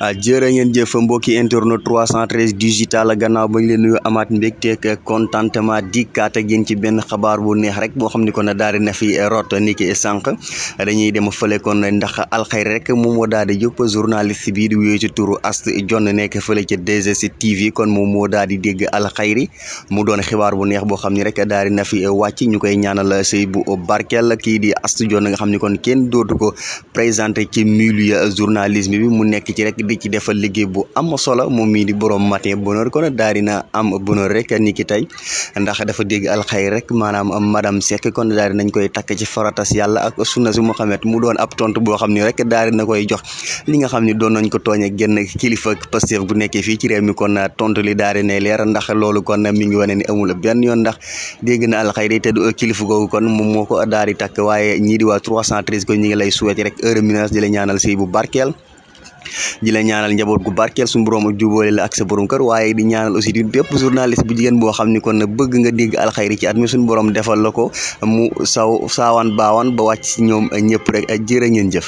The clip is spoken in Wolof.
ah jërë ngeen jëf mbokki internet 313 digital gannaaw ba leen nuyu amaat mbégteeg contentement di ak geen ci benn xabaar bu neex rek boo xam ni kon daal di na fi rot ni ki sànq dañuy dem fële kon ndax alxayri rek moom moo daal di jóg journaliste bii di wuyoo ci turu Astou Dione nekk fële ca 2STV kon moom moo daal di dégg alxayri mu doon xibaar bu neex boo xam ni rek daal di na fi wàcc ñu koy ñaanal sëy bu barkeel kii di Astou Dione nga xam ni kon kenn dootu ko présenté ci milieu journalisme bi mu nekk ci rek. di ci defal liggéey bu am solo moom mii di borom matin bonheur kon daal na am bonheur rek ni ki tey ndax dafa dégg alxay rek maanaam madame Seck kon a dinañ koy takk ci faratas yàlla ak sunna su Muhammad mu doon ab tontu boo xam ni rek daal dina koy jox li nga xam ni doon nañ ko tooñe génn kilifa Pastef bu nekkee fii ci réew mi kon tontu li daal dina leer ndax loolu kon mi ngi wane ni amul benn yoon ndax dégg na alxay day te du kilifa googu kon moom moo ko daal di takk waaye ñii di waa 313 ko ñi ngi lay souhaiter rek heure minage di la ñaanal di la ñaanal njaboot gu barkeel suñu borom jubóole la ak sa borom kër waaye di ñaanal aussi di bépp journaliste bu jigéen boo xam ni kon na bëgg nga dégg alxayri ci at mi suñu borom defal la ko mu saw saawaan baawaan ba wàcc si ñoom ñëpp rek jërë ngeen jëf